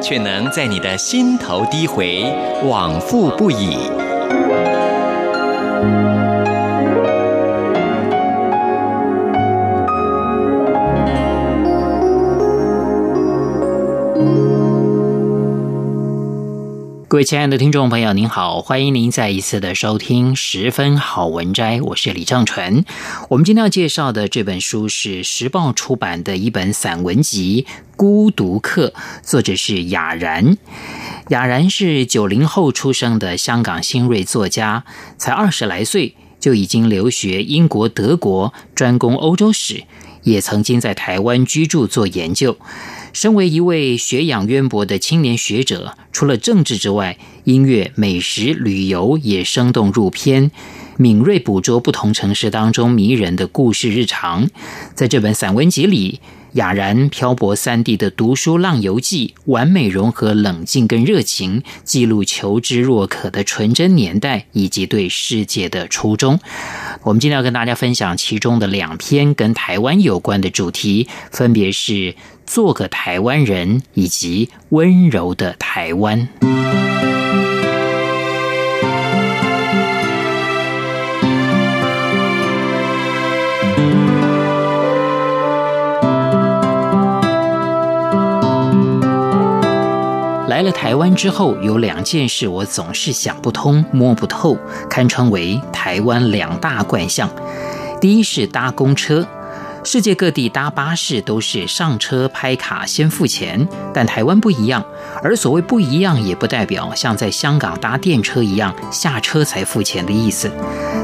卻能在你的心頭低回，往復不已。各位親愛的聽眾朋友，您好，歡迎您再一次的收聽《十分好文摘》，我是李正淳。我們今天要介紹的這本書是時報出版的一本散文集《孤獨課》，作者是亞然。亞然是九零後出生的香港新銳作家，才二十來歲就已經留學英國、德國，專攻歐洲史。也曾經在台灣居住做研究。身為一位學養淵博的青年學者，除了政治之外，音樂、美食、旅遊也生動入篇，敏銳捕捉不同城市當中迷人的故事日常。在這本散文集裡，亞然漂泊三地的讀書浪遊記，完美融合冷靜跟熱情，記錄求知若渴的純真年代以及對世界的初衷。我們今天要跟大家分享其中的兩篇跟台灣有關的主題，分別是《做個台灣人》以及《溫柔的台灣》。來了台灣之後，有兩件事我總是想不通、摸不透，堪稱為台灣兩大怪象。第一是搭公車，世界各地搭巴士都是上車拍卡先付錢，但台灣不一樣。而所謂不一樣，也不代表像在香港搭電車一樣下車才付錢的意思。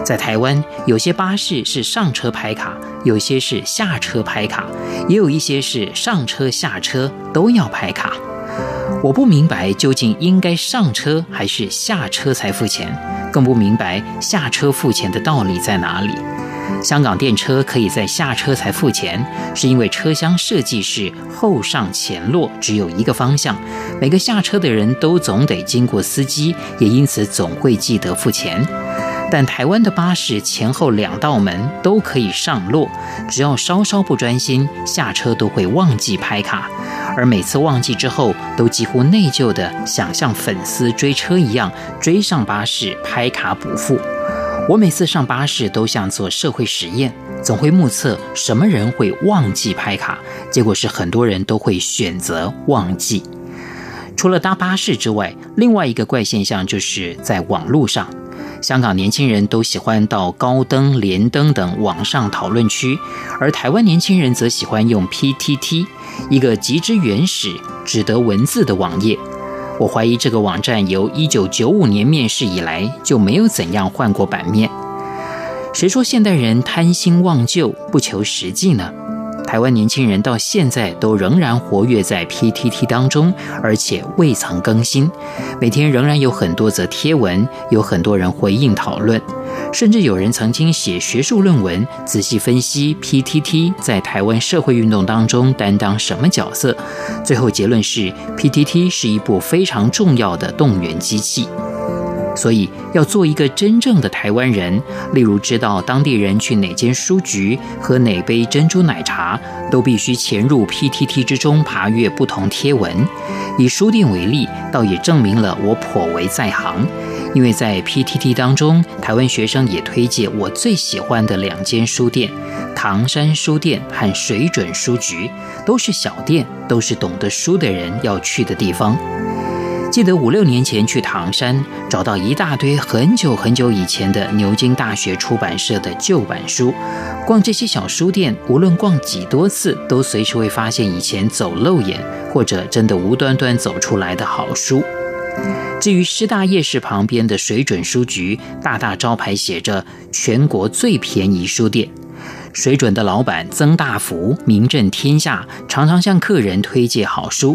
在台灣，有些巴士是上車拍卡，有些是下車拍卡，也有一些是上車、下車都要拍卡。我不明白究竟應該上車還是下車才付錢，更不明白下車付錢的道理在哪裡？香港電車可以在下車才付錢，是因為車廂設計是後上前落，只有一個方向，每個下車的人都總得經過司機，也因此總會記得付錢。但台灣的巴士前後兩道門都可以上落，只要稍稍不專心，下車都會忘記拍卡。而每次忘記之後，都幾乎內疚的想像粉絲追車一樣追上巴士拍卡補付。我每次上巴士都像做社會實驗，總會目測什麼人會忘記拍卡，結果是很多人都會選擇忘記。除了搭巴士之外，另外一個怪現象就是在網路上。香港年輕人都喜歡到高登、連登等網上討論區，而台灣年輕人則喜歡用 PTT，一個極之原始、只得文字的網頁。我懷疑這個網站由一九九五年面世以來就沒有怎樣換過版面。誰說現代人貪新忘舊、不求實際呢？台灣年輕人到現在都仍然活躍在 PTT 當中，而且未曾更新。每天仍然有很多則貼文，有很多人回應討論，甚至有人曾經寫學術論文，仔細分析 PTT 在台灣社會運動當中擔當什麼角色。最後結論是，PTT 是一部非常重要的動員機器。所以要做一個真正的台灣人，例如知道當地人去哪間書局喝哪杯珍珠奶茶，都必須潛入 PTT 之中爬閱不同貼文。以書店為例，倒也證明了我頗為在行，因為在 PTT 當中，台灣學生也推薦我最喜歡的兩間書店——唐山書店和水準書局，都是小店，都是懂得書的人要去的地方。記得五六年前去唐山，找到一大堆很久很久以前的牛津大學出版社的舊版書。逛這些小書店，無論逛幾多次，都隨時會發現以前走漏眼，或者真的無端端走出來的好書。至於師大夜市旁邊的水準書局，大大招牌寫着“全國最便宜書店”。水準的老闆曾大福名震天下，常常向客人推薦好書。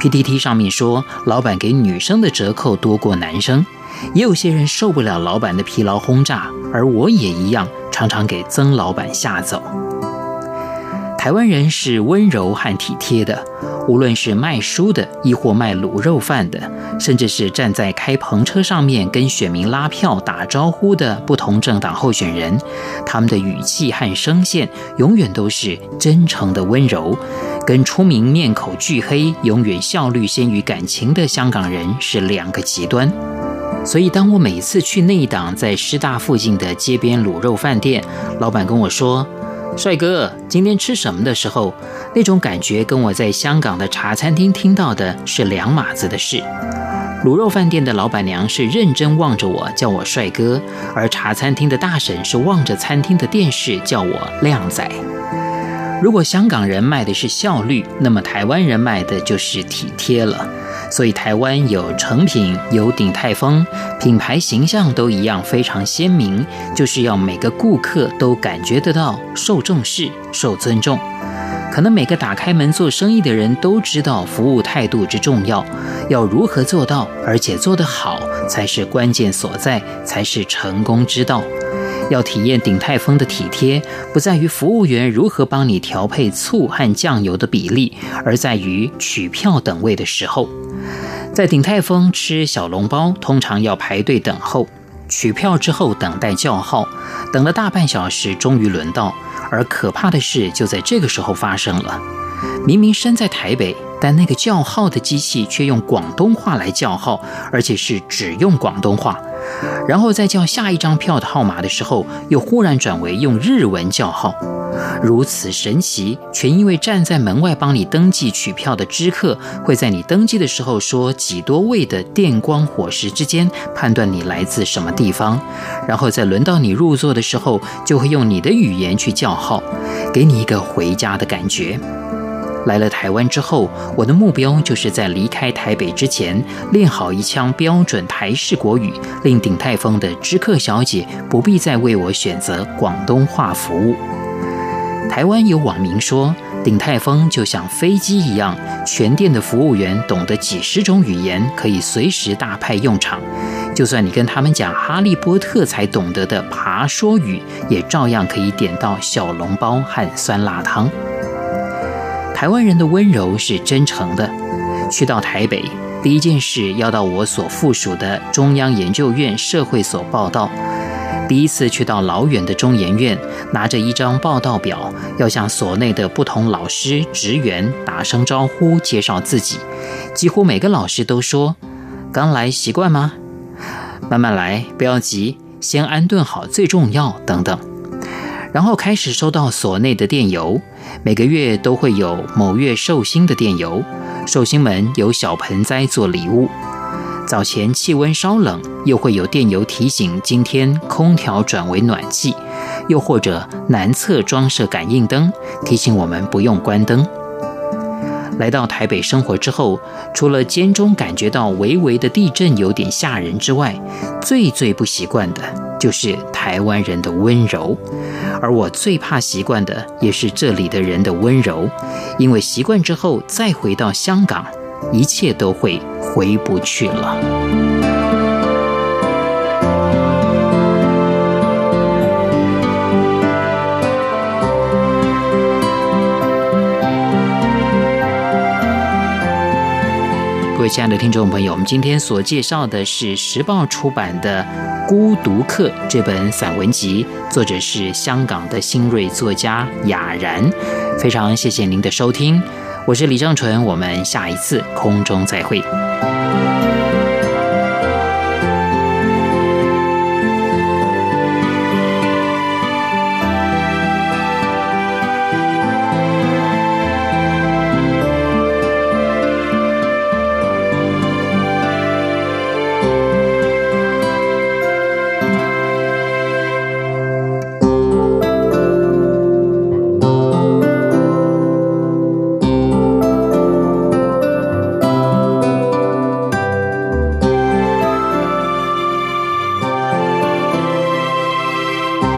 PTT 上面說，老闆給女生的折扣多過男生，也有些人受不了老闆的疲勞轟炸，而我也一樣，常常給曾老闆嚇走。台灣人是溫柔和體貼的，無論是賣書的，抑或賣滷肉飯的，甚至是站在開篷車上面跟選民拉票打招呼的不同政黨候選人，他們的語氣和聲線永遠都是真誠的溫柔，跟出名面口巨黑、永遠效率先於感情的香港人是兩個極端。所以，當我每次去那一檔，在師大附近的街邊滷肉飯店，老板跟我說。帥哥，今天吃什麼的時候，那種感覺跟我在香港的茶餐廳聽到的是兩碼子的事。滷肉飯店的老板娘是認真望着我，叫我帥哥，而茶餐廳的大嬸是望着餐廳的電視，叫我靚仔。如果香港人賣的是效率，那麼台灣人賣的就是體貼了。所以台灣有誠品，有鼎泰豐，品牌形象都一樣非常鮮明，就是要每個顧客都感覺得到受重視、受尊重。可能每個打開門做生意的人都知道服務態度之重要，要如何做到，而且做得好才是關鍵所在，才是成功之道。要體驗鼎泰豐的體貼，不在於服務員如何幫你調配醋和醬油的比例，而在於取票等位的時候。在鼎泰豐吃小籠包，通常要排隊等候，取票之後等待叫號，等了大半小時，終於輪到，而可怕的事就在這個時候發生了。明明身在台北，但那個叫號的機器卻用廣東話來叫號，而且是只用廣東話。然後在叫下一張票的號碼的時候，又忽然轉為用日文叫號，如此神奇，全因為站在門外幫你登記取票的知客會在你登記的時候說幾多位的電光火石之間判斷你來自什麼地方，然後再輪到你入座的時候，就會用你的語言去叫號，給你一個回家的感覺。來了台灣之後，我的目標就是在離開台北之前練好一腔標準台式國語，令鼎泰豐的知客小姐不必再為我選擇廣東話服務。台灣有網民說，鼎泰豐就像飛機一樣，全店的服務員懂得幾十種語言，可以隨時大派用場。就算你跟他們講《哈利波特》才懂得的爬說語，也照樣可以點到小籠包和酸辣湯。台灣人的溫柔是真誠的。去到台北，第一件事要到我所附屬的中央研究院社會所報到。第一次去到老遠的中研院，拿着一張報到表，要向所內的不同老師、職員打聲招呼，介紹自己。幾乎每個老師都說：“剛來習慣嗎？慢慢來，不要急，先安頓好最重要。”等等。然後開始收到所內的電郵。每個月都會有某月壽星的電郵，壽星們有小盆栽做禮物。早前氣溫稍冷，又會有電郵提醒今天空調轉為暖氣，又或者南側裝設感應燈，提醒我們不用關燈。來到台北生活之後，除了間中感覺到微微的地震有點嚇人之外，最最不習慣的就是台灣人的溫柔。而我最怕習慣的也是這裡的人的溫柔，因為習慣之後再回到香港，一切都會回不去了。各位親愛的聽眾朋友，我們今天所介紹的是《時報》出版的《孤獨課》這本散文集，作者是香港的新銳作家亞然。非常謝謝您的收聽，我是李正純，我們下一次空中再會。